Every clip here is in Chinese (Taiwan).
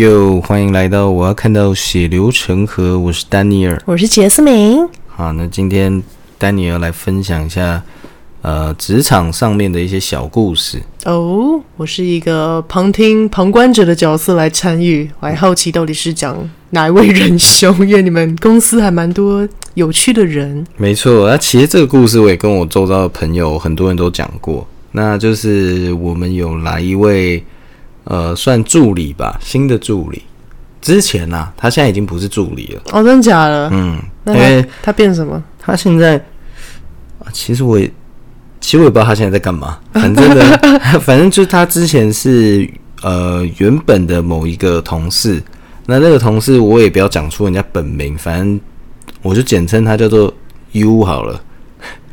又歡迎來到，我要看到血流成河。我是丹尼爾，我是杰斯明。好，那今天丹尼爾來分享一下，呃，職場上面的一些小故事。哦、oh,，我是一個旁聽、旁觀者的角色來參與，我還好奇到底是講哪一位仁兄， 因為你們公司還蠻多有趣的人。沒錯，那、啊、其實這個故事我也跟我周遭的朋友很多人都講過，那就是我們有來一位。呃，算助理吧，新的助理。之前呢、啊，他現在已經不是助理了。哦，真的假的？嗯，因為他,、欸、他變什麼？他現在其實我也，也其實我也不知道他現在在幹嘛。反正呢， 反正就是他之前是呃，原本的某一個同事。那那個同事我也不要講出人家本名，反正我就簡稱他叫做 U 好了。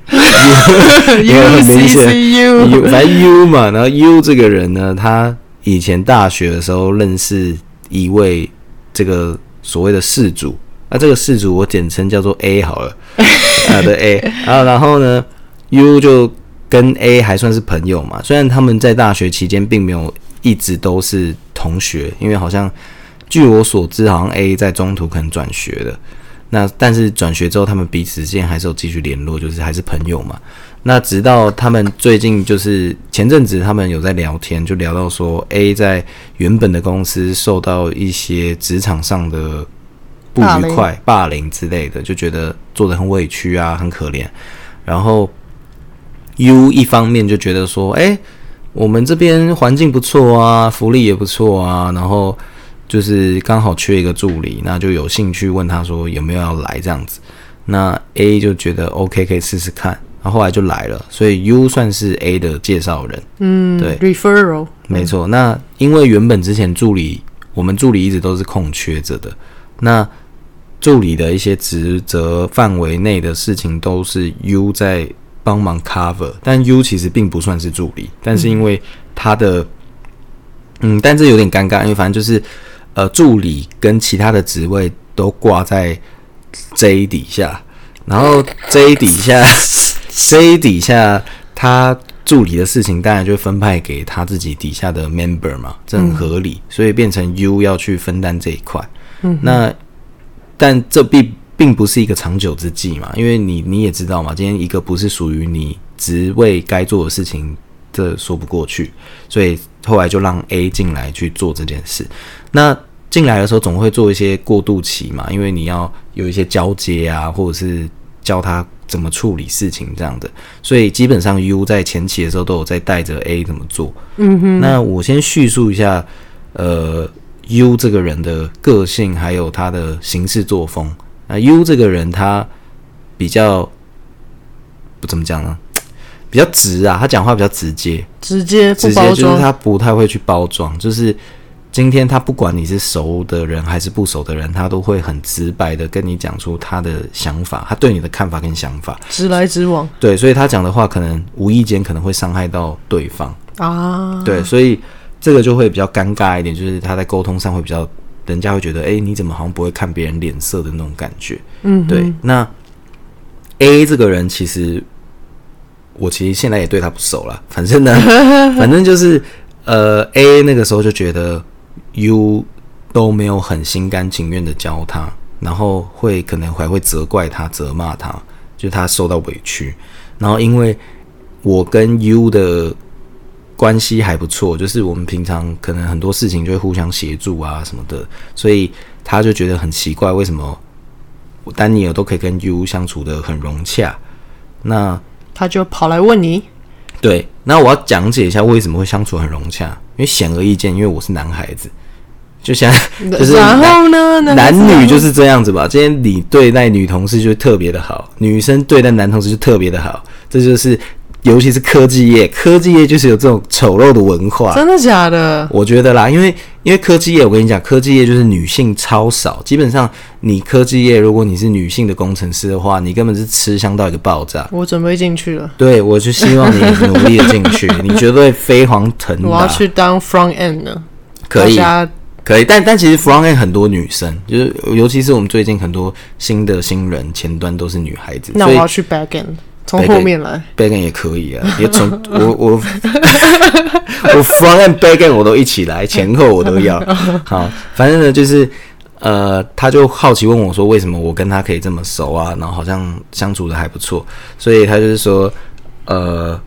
U，因為很明顯，U 來 -U, U, U 嘛。然後 U 這個人呢，他。以前大學的時候認識一位這個所謂的事主，那、啊、這個事主我簡稱叫做 A 好了，他、 啊、的 A 啊，然後呢，U 就跟 A 還算是朋友嘛，雖然他們在大學期間並沒有一直都是同學，因為好像據我所知，好像 A 在中途可能轉學了。那但是轉學之後，他們彼此之間還是有繼續聯絡，就是還是朋友嘛。那直到他們最近，就是前陣子他們有在聊天，就聊到說 A、欸、在原本的公司受到一些職場上的不愉快，霸、霸凌之類的，就覺得做得很委屈啊，很可憐。然後 U 一方面就覺得說，誒、欸，我們這邊環境不錯啊，福利也不錯啊，然後。就是剛好缺一個助理，那就有興趣問他說有沒有要來這樣子。那 A 就覺得 OK，可以試試看。然後後來就來了，所以 U 算是 A 的介紹人。嗯，對，referral 沒錯，嗯。那因為原本之前助理，我們助理一直都是空缺着的。那助理的一些職責範圍內的事情都是 U 在幫忙 cover，但 U 其實並不算是助理。但是因為他的，嗯，嗯，但這有點尷尬，因為反正就是。呃，助理跟其他的職位都掛在 J 底下，然後 J 底下 ，J 底下他助理的事情當然就分派給他自己底下的 member 嘛，這很合理，嗯、所以變成 U 要去分擔這一塊。嗯，那但這並並不是一個長久之計嘛，因為你你也知道嘛，今天一個不是屬於你職位該做的事情，這說不過去，所以後來就讓 A 進來去做這件事。那進來的時候總會做一些過渡期嘛，因為你要有一些交接啊，或者是教他怎麼處理事情這樣的，所以基本上 U 在前期的時候都有在帶着 A 怎麼做。嗯哼。那我先敘述一下，呃，U 這個人的個性，還有他的行事作風。那 U 這個人他比較不怎麼講呢，比較直啊，他講話比較直接，直接不包裝。直接就是他不太會去包裝，就是。今天他不管你是熟的人還是不熟的人，他都會很直白的跟你講出他的想法，他對你的看法跟想法直來直往。對，所以他講的話可能無意間可能會傷害到對方啊。對，所以這個就會比較尷尬一點，就是他在溝通上會比較，人家會覺得誒，你怎麼好像不會看別人臉色的那種感覺？嗯，對。那 A 這個人其實我其實現在也對他不熟啦，反正呢， 反正就是呃，A 那個時候就覺得。u 都沒有很心甘情願的教他，然後會可能還會責怪他、責罵他，就他受到委屈。然後因為我跟 u 的關係還不錯，就是我們平常可能很多事情就會互相協助啊什麼的，所以他就覺得很奇怪，為什麼丹尼爾都可以跟 u 相處得很融洽，那他就跑來問你。對，那我要講解一下為什麼會相處很融洽，因為顯而易見，因為我是男孩子。就想，就是男，然後呢，男女就是這樣子吧。今天你對待女同事就特別的好，女生對待男同事就特別的好。這就是，尤其是科技業，科技業就是有這種醜陋的文化。真的假的？我覺得啦，因為因為科技業，我跟你講，科技業就是女性超少。基本上，你科技業如果你是女性的工程師的話，你根本是吃香到一個爆炸。我準備進去了，對我就希望你努力進去， 你絕對飛黃騰達啊。我要去當 front end 了，可以。可以，但但其實 front end 很多女生，就是尤其是我們最近很多新的新人，前端都是女孩子。所以那我要去 back end，從後面來。Back end, back end 也可以啊，也從我我 我 front end back end 我都一起來，前後我都要。好，反正呢就是呃，他就好奇問我說，為什麼我跟他可以這麼熟啊？然後好像相處的還不錯，所以他就是說，呃，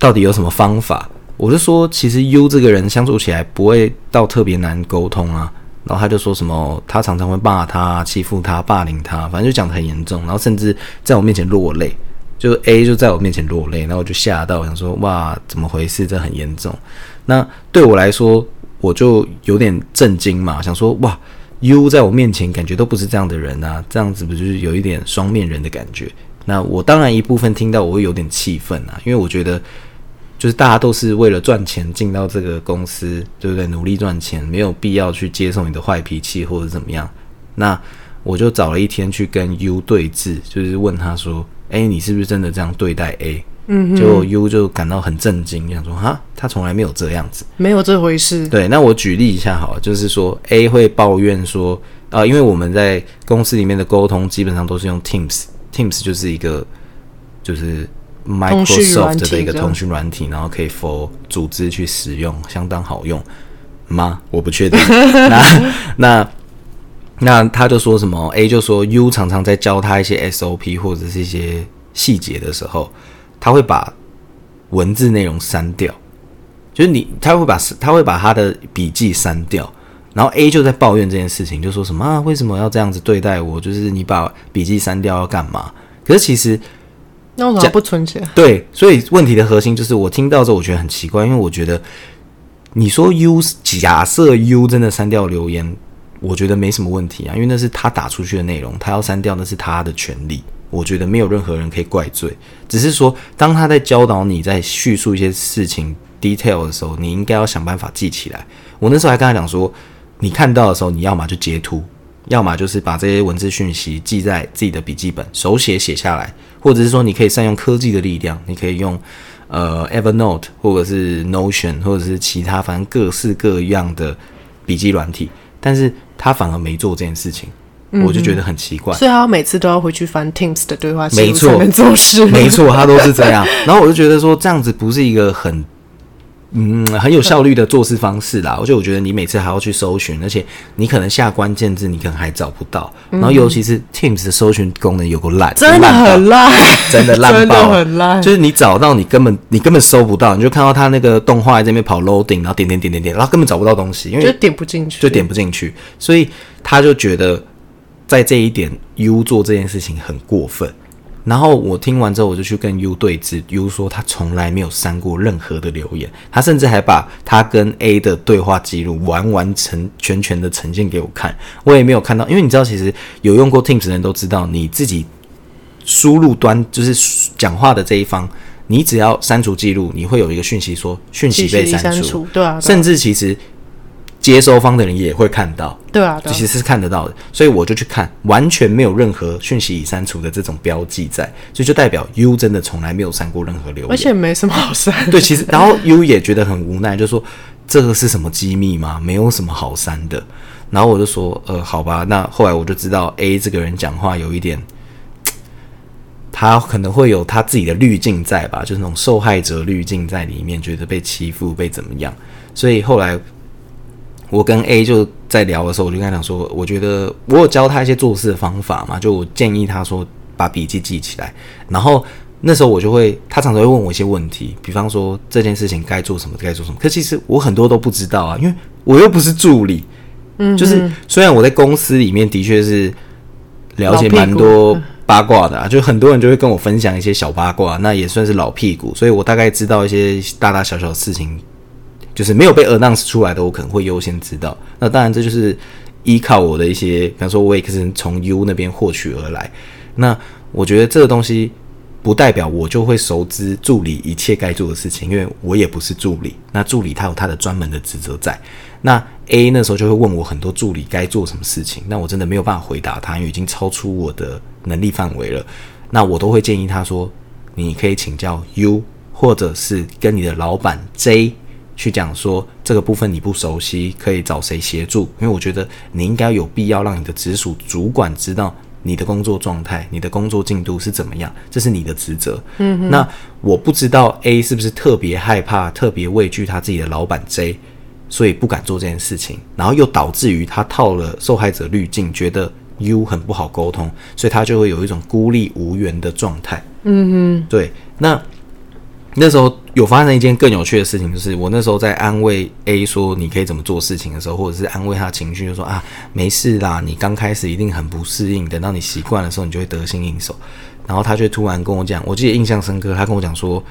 到底有什麼方法？我是說，其實 U 這個人相處起來不會到特別難溝通啊。然後他就說什麼，他常常會罵他、欺負他、霸凌他，反正就講得很嚴重。然後甚至在我面前落淚，就 A 就在我面前落淚，然後我就嚇到，想說哇，怎麼回事？這很嚴重。那對我來說，我就有點震驚嘛，想說哇，U 在我面前感覺都不是這樣的人啊，這樣子不就是有一點雙面人的感覺？那我當然一部分聽到我會有點氣憤啊，因為我覺得。就是大家都是為了賺錢進到這個公司，對不對？努力賺錢，沒有必要去接受你的壞脾氣或者怎麼樣。那我就找了一天去跟 U 對峙，就是問他說：“誒、欸、你是不是真的這樣對待 A？” 嗯，就 U 就感到很震驚，想說：“哈，他從來沒有這樣子，沒有這回事。”對，那我舉例一下好了，就是說 A 會抱怨說：“啊，因為我們在公司裡面的溝通基本上都是用 Teams，Teams Teams 就是一個就是。” Microsoft 的一個通訊軟體，然後可以 for 組織去使用，相當好用嗎？我不確定。 那那那他就說什麼？A 就說 U 常常在教他一些 SOP 或者是一些細節的時候，他會把文字內容刪掉，就是你他會把他會把他的筆記刪掉，然後 A 就在抱怨這件事情，就說什麼啊？為什麼要這樣子對待我？就是你把筆記刪掉要幹嘛？可是其實。那我怎麼不存錢？對，所以問題的核心就是，我聽到之後我覺得很奇怪，因為我覺得你說 “u”，假設 “u” 真的刪掉的留言，我覺得沒什麼問題啊，因為那是他打出去的內容，他要刪掉那是他的權利，我覺得沒有任何人可以怪罪，只是說當他在教導你、在敘述一些事情 detail 的時候，你應該要想辦法記起來。我那時候還跟他講說，你看到的時候，你要麼就截圖。要麼就是把這些文字訊息記在自己的筆記本，手寫寫下來，或者是說你可以善用科技的力量，你可以用呃 Evernote 或者是 Notion 或者是其他反正各式各樣的筆記軟體，但是他反而沒做這件事情，嗯、我就覺得很奇怪。所以啊，每次都要回去翻 Teams 的對話，沒錯，沒錯，他都是這樣。然後我就覺得說這樣子不是一個很。嗯，很有效率的做事方式啦。而且我就覺得你每次還要去搜尋，而且你可能下關鍵字，你可能還找不到。嗯、然後尤其是 Teams 的搜尋功能有夠爛，真的很爛，真的爛爆、啊， 真的很爛。就是你找到，你根本你根本搜不到，你就看到他那個動畫在這邊跑 loading，然後點點點點點，然後根本找不到東西，因為就點不進去，就點不進去。所以他就覺得在這一點，U 做這件事情很過分。然後我聽完之後，我就去跟 U 對質。U 說他從來沒有刪過任何的留言，他甚至還把他跟 A 的對話記錄完完全全全的呈現給我看。我也沒有看到，因為你知道，其實有用過 Teams 的人都知道，你自己輸入端就是講話的這一方，你只要刪除記錄，你會有一個訊息說訊息被刪除，對啊，對甚至其實。接收方的人也會看到，對啊，對啊，其實是看得到的，所以我就去看，完全沒有任何訊息已刪除的這種標記在，所以就代表 U 真的從來沒有刪過任何留言，而且沒什麼好刪。對，其實然後 U 也覺得很無奈，就說這個是什麼機密嗎？沒有什麼好刪的。然後我就說，呃，好吧，那後來我就知道 A 這個人講話有一點，他可能會有他自己的濾鏡在吧，就是那種受害者濾鏡在裡面，覺得被欺負被怎麼樣，所以後來。我跟 A 就在聊的時候，我就跟他講說，我覺得我有教他一些做事的方法嘛，就我建議他說把筆記記起來。然後那時候我就會，他常常會問我一些問題，比方說這件事情該做什麼，該做什麼。可其實我很多都不知道啊，因為我又不是助理。嗯，就是雖然我在公司裡面的確是了解蠻多八卦的啊，就很多人就會跟我分享一些小八卦，那也算是老屁股，所以我大概知道一些大大小小的事情。就是沒有被 announce 出來的，我可能會優先知道。那當然，這就是依靠我的一些，比方說，我也是從 U 那邊獲取而來。那我覺得這個東西不代表我就會熟知助理一切該做的事情，因為我也不是助理。那助理他有他的專門的職責在。那 A 那時候就會問我很多助理該做什麼事情，那我真的沒有辦法回答他，因為已經超出我的能力範圍了。那我都會建議他說，你可以請教 U，或者是跟你的老闆 J。去講說這個部分你不熟悉，可以找誰協助？因為我覺得你應該有必要讓你的直屬主管知道你的工作狀態、你的工作進度是怎麼樣，這是你的職責。嗯哼。那我不知道 A 是不是特別害怕、特別畏懼他自己的老闆 J，所以不敢做這件事情，然後又導致於他套了受害者濾鏡，覺得 U 很不好溝通，所以他就會有一種孤立無援的狀態。嗯哼。對，那。那時候有發生一件更有趣的事情，就是我那時候在安慰 A 說你可以怎麼做事情的時候，或者是安慰他情緒，就說啊沒事啦，你剛開始一定很不適應，等到你習慣的時候，你就會得心應手。然後他卻突然跟我講，我記得印象深刻，他跟我講說，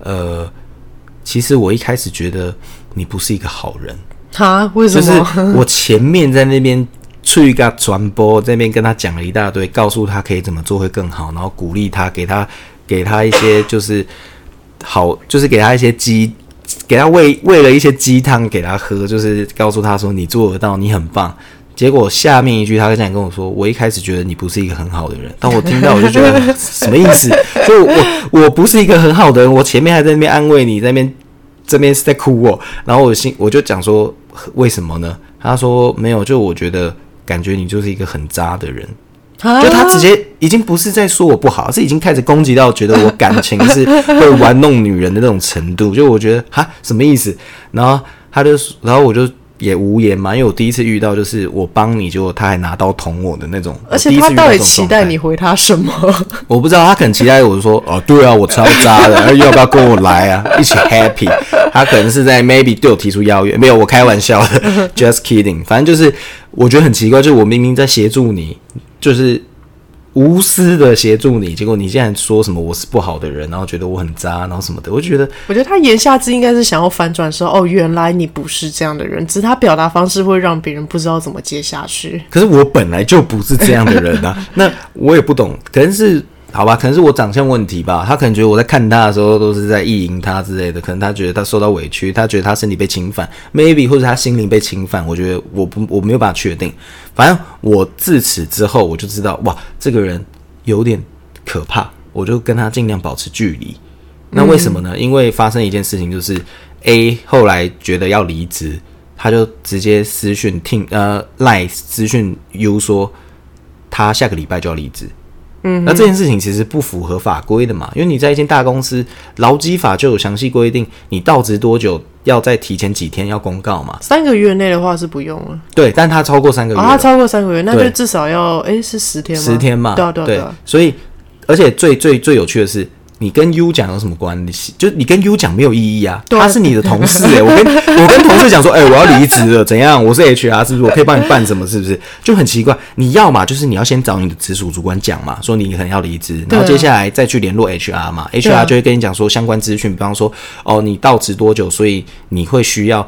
呃，其實我一開始覺得你不是一個好人。他為什麼？就是，我前面在那邊去一個傳播，那邊跟他講了一大堆，告訴他可以怎麼做會更好，然後鼓勵他，給他給他一些就是。好，就是給他一些雞，給他餵餵了一些雞湯給他喝，就是告訴他說你做得到，你很棒。結果下面一句，他這樣跟我說：“我一開始覺得你不是一個很好的人，但我聽到我就覺得 什麼意思？就我我不是一個很好的人，我前面還在那邊安慰你，在那邊這邊是在哭我喔。然後我心我就講說，為什麼呢？他說沒有，就我覺得感覺你就是一個很渣的人。”就他直接已經不是在說我不好，啊、是已經開始攻擊到覺得我感情是會玩弄女人的那種程度。 就我覺得啊，什麼意思？然後他就，然後我就也無言嘛，因為我第一次遇到就是我幫你就他還拿刀捅我的那種。而且他到底我第一次遇到這種狀態。期待你回他什麼？我不知道，他可能期待我說哦、 啊，對啊，我超渣的、啊，要不要跟我來啊，一起 happy？ 他可能是在 maybe 對我提出邀約，沒有，我開玩笑的 ，just kidding。反正就是我覺得很奇怪，就我明明在協助你。就是無私的協助你，結果你現在說什麼我是不好的人，然後覺得我很渣，然後什麼的，我就覺得，我覺得他言下之意應該是想要反轉說，哦，原來你不是這樣的人，只是他表達方式會讓別人不知道怎麼接下去。可是我本來就不是這樣的人啊， 那我也不懂，可能是。好吧，可能是我長相問題吧。他可能覺得我在看他的時候都是在意淫他之類的，可能他覺得他受到委屈，他覺得他身體被侵犯，maybe 或者他心靈被侵犯。我覺得我不，我沒有辦法確定。反正我自此之後我就知道，哇，這個人有點可怕，我就跟他盡量保持距離。那為什麼呢？嗯。因為發生一件事情，就是 A 後來覺得要離職，他就直接私訊聽呃賴私訊 U 說，他下個禮拜就要離職。嗯、那這件事情其實不符合法規的嘛，因為你在一間大公司，勞基法就有詳細規定，你到職多久要再提前幾天要公告嘛。三個月內的話是不用了。對，但它超過三個月、啊，它超過三個月，那就至少要，誒、欸，是十天嗎？十天嘛。對、啊、對、啊對,啊、對。所以，而且最最最有趣的是。你跟 U 講有什麼關係？就是你跟 U 講沒有意義啊。他是你的同事誒、欸，我跟我跟同事講說，誒、欸，我要離職了，怎樣？我是 HR，是不是？我可以幫你辦什麼？是不是？就很奇怪。你要嘛，就是你要先找你的直屬主管講嘛，說你可能要離職，然後接下來再去聯絡 HR 嘛、啊。HR 就會跟你講說相關資訊，比方說哦，你到職多久，所以你會需要。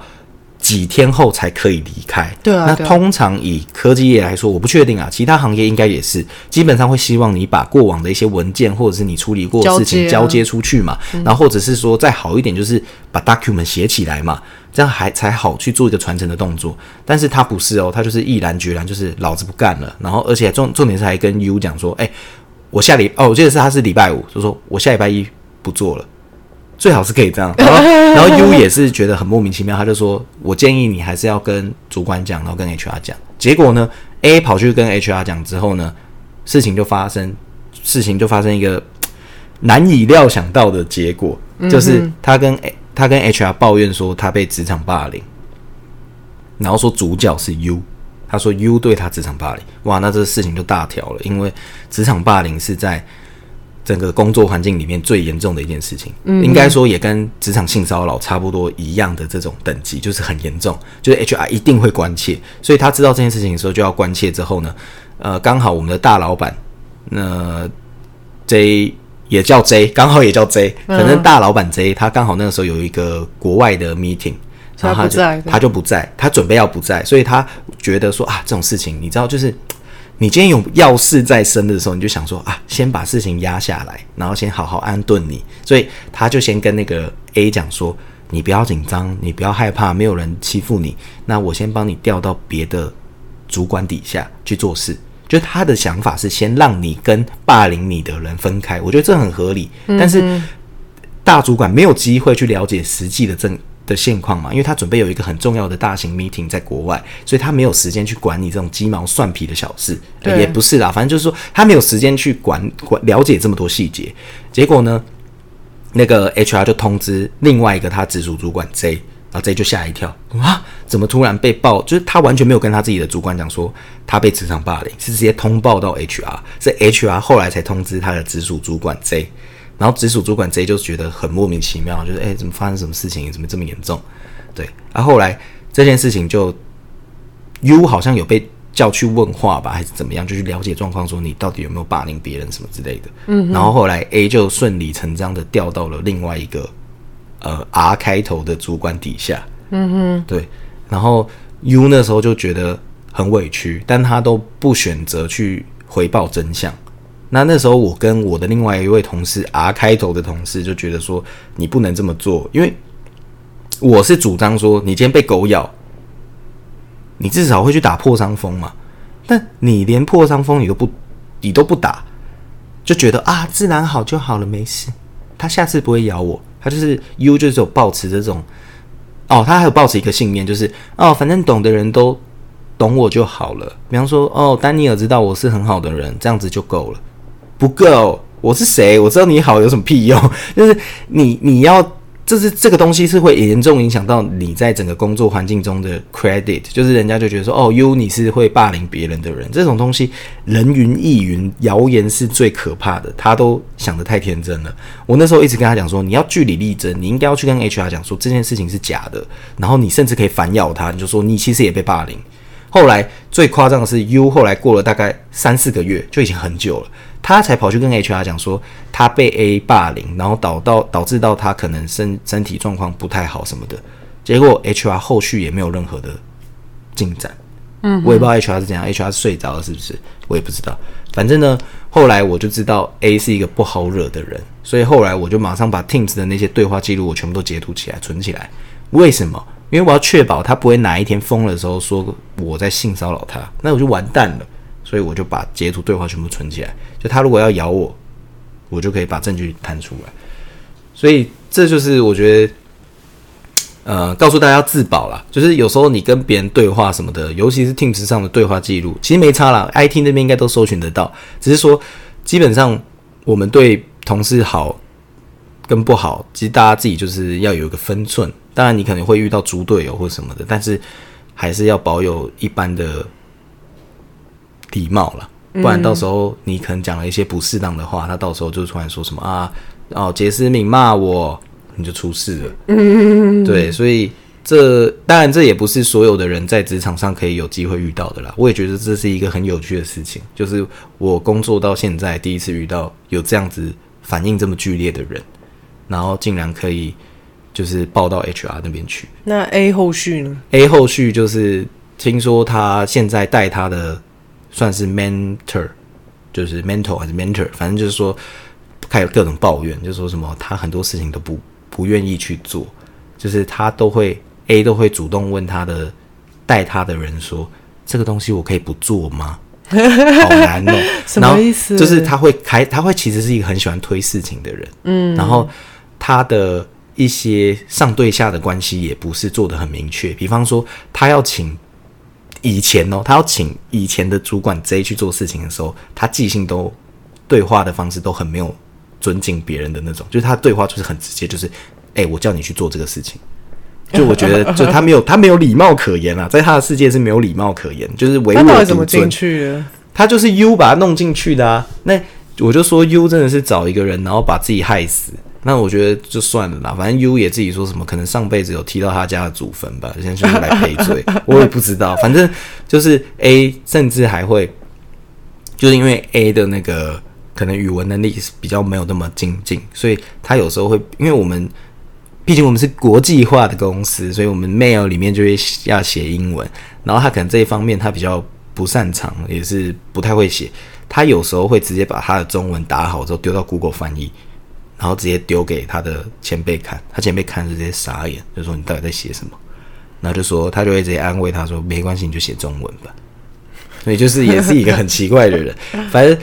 幾天後才可以離開。對啊對，那通常以科技業來說，我不確定啊，其他行業應該也是，基本上會希望你把過往的一些文件或者是你處理過的事情交接出去嘛、啊嗯、然後或者是說再好一點，就是把 document 寫起來嘛、嗯，這樣還才好去做一個傳承的動作。但是他不是哦，他就是毅然決然，就是老子不幹了。然後而且重重點是還跟 U 講說，誒、欸，我下禮哦，我記得是他是禮拜五，就說我下禮拜一不做了。最好是可以這樣，然後，然後 U 也是覺得很莫名其妙，他就說：“我建議你還是要跟主管講，然後跟 HR 講。”結果呢，A 跑去跟 HR 講之後呢，事情就發生，事情就發生一個難以料想到的結果，就是他跟他跟 HR 抱怨說他被職場霸凌，然後說主角是 U，他說 U 對他職場霸凌，哇，那這事情就大條了，因為職場霸凌是在。整個工作環境裡面最嚴重的一件事情，嗯嗯，應該說也跟職場性騷擾差不多一樣的這種等級，就是很嚴重，就是 HR 一定會關切。所以他知道這件事情的時候就要關切之後呢，呃，剛好我們的大老闆，那、呃、J 也叫 J，剛好也叫 J，反正大老闆 J、嗯、他剛好那個時候有一個國外的 meeting，然後他，就他不在，對，他就不在，他準備要不在，所以他覺得說啊這種事情，你知道就是。你今天有要事在身的時候，你就想說啊，先把事情壓下來，然後先好好安頓你。所以他就先跟那個 A 講說：“你不要緊張，你不要害怕，沒有人欺負你。那我先幫你調到別的主管底下去做事。”就他的想法是先讓你跟霸凌你的人分開。我覺得這很合理，嗯、但是大主管沒有機會去了解實際的真。的現況嘛，因為他準備有一個很重要的大型 meeting 在國外，所以他沒有時間去管理這種雞毛蒜皮的小事。對，也不是啦，反正就是說他沒有時間去管管了解這麼多細節。結果呢，那個 HR 就通知另外一個他直屬主管 Z，然後 Z 就嚇一跳，哇，怎麼突然被爆？就是他完全沒有跟他自己的主管講說他被職場霸凌，是直接通報到 HR，是 HR 後來才通知他的直屬主管 Z。然後直屬主管 J 就覺得很莫名其妙，就是哎、欸，怎麼發生什麼事情，也怎麼這麼嚴重？對。然、啊、後後來這件事情就，U 好像有被叫去問話吧，還是怎麼樣，就去了解狀況，說你到底有沒有霸凌別人什麼之類的。嗯、然後後來 A 就順理成章的調到了另外一個呃 R 開頭的主管底下。嗯哼。對。然後 U 那時候就覺得很委屈，但他都不選擇去回報真相。那那時候，我跟我的另外一位同事 R 開頭的同事就覺得說，你不能這麼做，因為我是主張說，你今天被狗咬，你至少會去打破傷風嘛。但你連破傷風你都不，你都不打，就覺得啊，自然好就好了，沒事。他下次不會咬我，他就是 U 就是有抱持這種，哦，他還有抱持一個信念，就是哦，反正懂的人都懂我就好了。比方說，哦，丹尼爾知道我是很好的人，這樣子就夠了。不夠，我是誰？我知道你好有什麼屁用？就是你，你要，這、就是這個東西是會嚴重影響到你在整個工作環境中的 credit，就是人家就覺得說哦，U 你是會霸凌別人的人，這種東西人云亦云，謠言是最可怕的。他都想得太天真了。我那時候一直跟他講說，你要據理力爭，你應該要去跟 HR 講說這件事情是假的，然後你甚至可以反咬他，你就說你其實也被霸凌。後來最誇張的是 U，後來過了大概三四個月，就已經很久了。他才跑去跟 HR 講說，他被 A 霸凌，然後導到導致到他可能身身體狀況不太好什麼的。結果 HR 後續也沒有任何的進展。嗯，我也不知道 HR 是怎樣，HR 是睡着了是不是？我也不知道。反正呢，後來我就知道 A 是一個不好惹的人，所以後來我就馬上把 Teams 的那些對話記錄我全部都截圖起來存起來。為什麼？因為我要確保他不會哪一天瘋了的時候說我在性騷擾他，那我就完蛋了。所以我就把截圖對話全部存起來，就他如果要咬我，我就可以把證據攤出來。所以這就是我覺得，呃，告訴大家自保啦，就是有時候你跟別人對話什麼的，尤其是 Teams 上的對話記錄，其實沒差啦。IT 那邊應該都搜尋得到，只是說基本上我們對同事好跟不好，其實大家自己就是要有一個分寸。當然你可能會遇到豬隊友或什麼的，但是還是要保有一般的。禮貌了，不然到時候你可能講了一些不適當的話，嗯，他到時候就突然說什麼啊哦，杰斯敏罵我，你就出事了。嗯，對，所以這當然這也不是所有的人在職場上可以有機會遇到的啦。我也覺得這是一個很有趣的事情，就是我工作到現在第一次遇到有這樣子反應這麼劇烈的人，然後竟然可以就是報到 HR 那邊去。那 A 後續呢？A 後續就是聽說他現在帶他的。算是 mentor，就是 mentor 還是 mentor，反正就是說，還有各種抱怨，就是、說什麼他很多事情都不不願意去做，就是他都會 A 都會主動問他的帶他的人說，這個東西我可以不做嗎？好難哦。 什麼意思？就是他會開，他會其實是一個很喜歡推事情的人，嗯，然後他的一些上對下的關係也不是做得很明確，比方說他要請。以前哦，他要請以前的主管 J 去做事情的時候，他記性都對話的方式都很沒有尊敬別人的那種，就是他對話就是很直接，就是，哎、欸，我叫你去做這個事情，就我覺得 就他沒有他沒有禮貌可言啊，在他的世界是沒有禮貌可言，就是唯我他怎麼進去？他就是 U 把他弄進去的啊。那我就說 U 真的是找一個人，然後把自己害死。那我覺得就算了啦，反正 U 也自己說什麼，可能上輩子有踢到他家的祖墳吧，現在就來賠罪。我也不知道，反正就是 A 甚至還會，就是因為 A 的那個可能語文能力比較沒有那麼精進，所以他有時候會，因為我們畢竟我們是國際化的公司，所以我們 mail 裡面就會要寫英文，然後他可能這一方面他比較不擅長，也是不太會寫，他有時候會直接把他的中文打好之後丟到 Google 翻譯。然後直接丟給他的前輩看，他前輩看是直接傻眼，就說你到底在寫什麼？然後就說他就會直接安慰他說沒關係，你就寫中文吧。所以就是也是一個很奇怪的人。 反正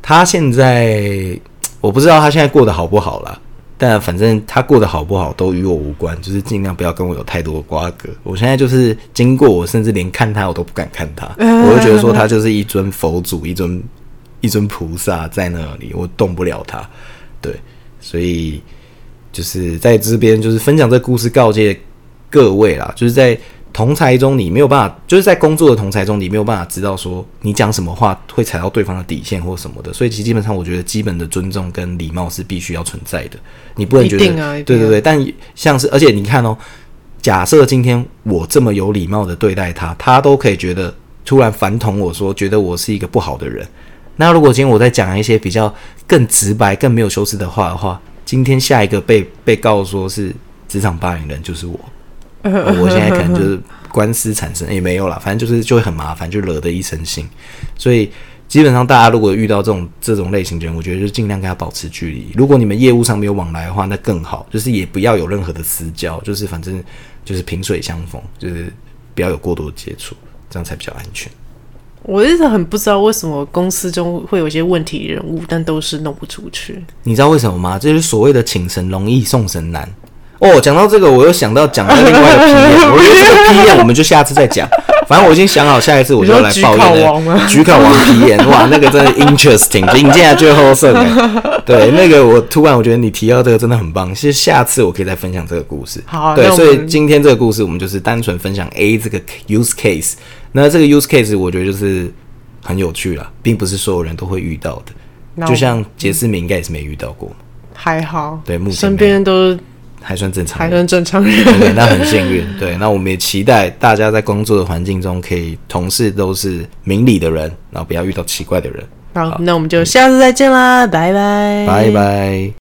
他現在我不知道他現在過得好不好了，但反正他過得好不好都與我無關，就是盡量不要跟我有太多的瓜葛。我現在就是經過我，甚至連看他我都不敢看他，我就覺得說他就是一尊佛祖，一尊一尊菩薩在那裡，我動不了他。對。所以，就是在這邊，就是分享這故事告誡各位啦，就是在同儕中，你沒有辦法，就是在工作的同儕中，你沒有辦法知道說你講什麼話會踩到對方的底線或什麼的。所以，其實基本上，我覺得基本的尊重跟禮貌是必須要存在的。你不能決定啊，對對對，對。但像是，而且你看哦，假設今天我這麼有禮貌的對待他，他都可以覺得突然反捅我說，覺得我是一個不好的人。那如果今天我在講一些比較更直白、更沒有修飾的話的話，今天下一個被被告說是職場霸凌人就是我 哦。我現在可能就是官司產生，也、欸、沒有啦，反正就是就會很麻煩，就惹得一身腥。所以基本上大家如果遇到這種這種類型的人，我覺得就盡量跟他保持距離。如果你們業務上沒有往來的話，那更好，就是也不要有任何的私交，就是反正就是萍水相逢，就是不要有過多的接觸，這樣才比較安全。我一直很不知道為什麼公司中會有一些問題人物，但都是弄不出去。你知道為什麼嗎？就是所謂的請神容易送神難。哦，講到這個，我又想到講另外一個 PM，我覺得這個 PM 我們就下次再講。 反正我已經想好，下一次我就要來抱怨了。舉考王批驗，PM, 哇，那個真的 interesting。你今天最後剩， 對那個我突然我覺得你提到這個真的很棒。其實下次我可以再分享這個故事。好啊，對，所以今天這個故事我們就是單純分享 A 這個 use case。那這個 use case 我覺得就是很有趣啦。並不是所有人都會遇到的。就像傑斯明應該也是沒遇到過，還好。對，目前身邊都還算正常，還算正常人，很常人 那很幸運。對，那我們也期待大家在工作的環境中，可以同事都是明理的人，然後不要遇到奇怪的人。好，好那我們就下次再見啦，拜、嗯、拜，拜拜。Bye bye。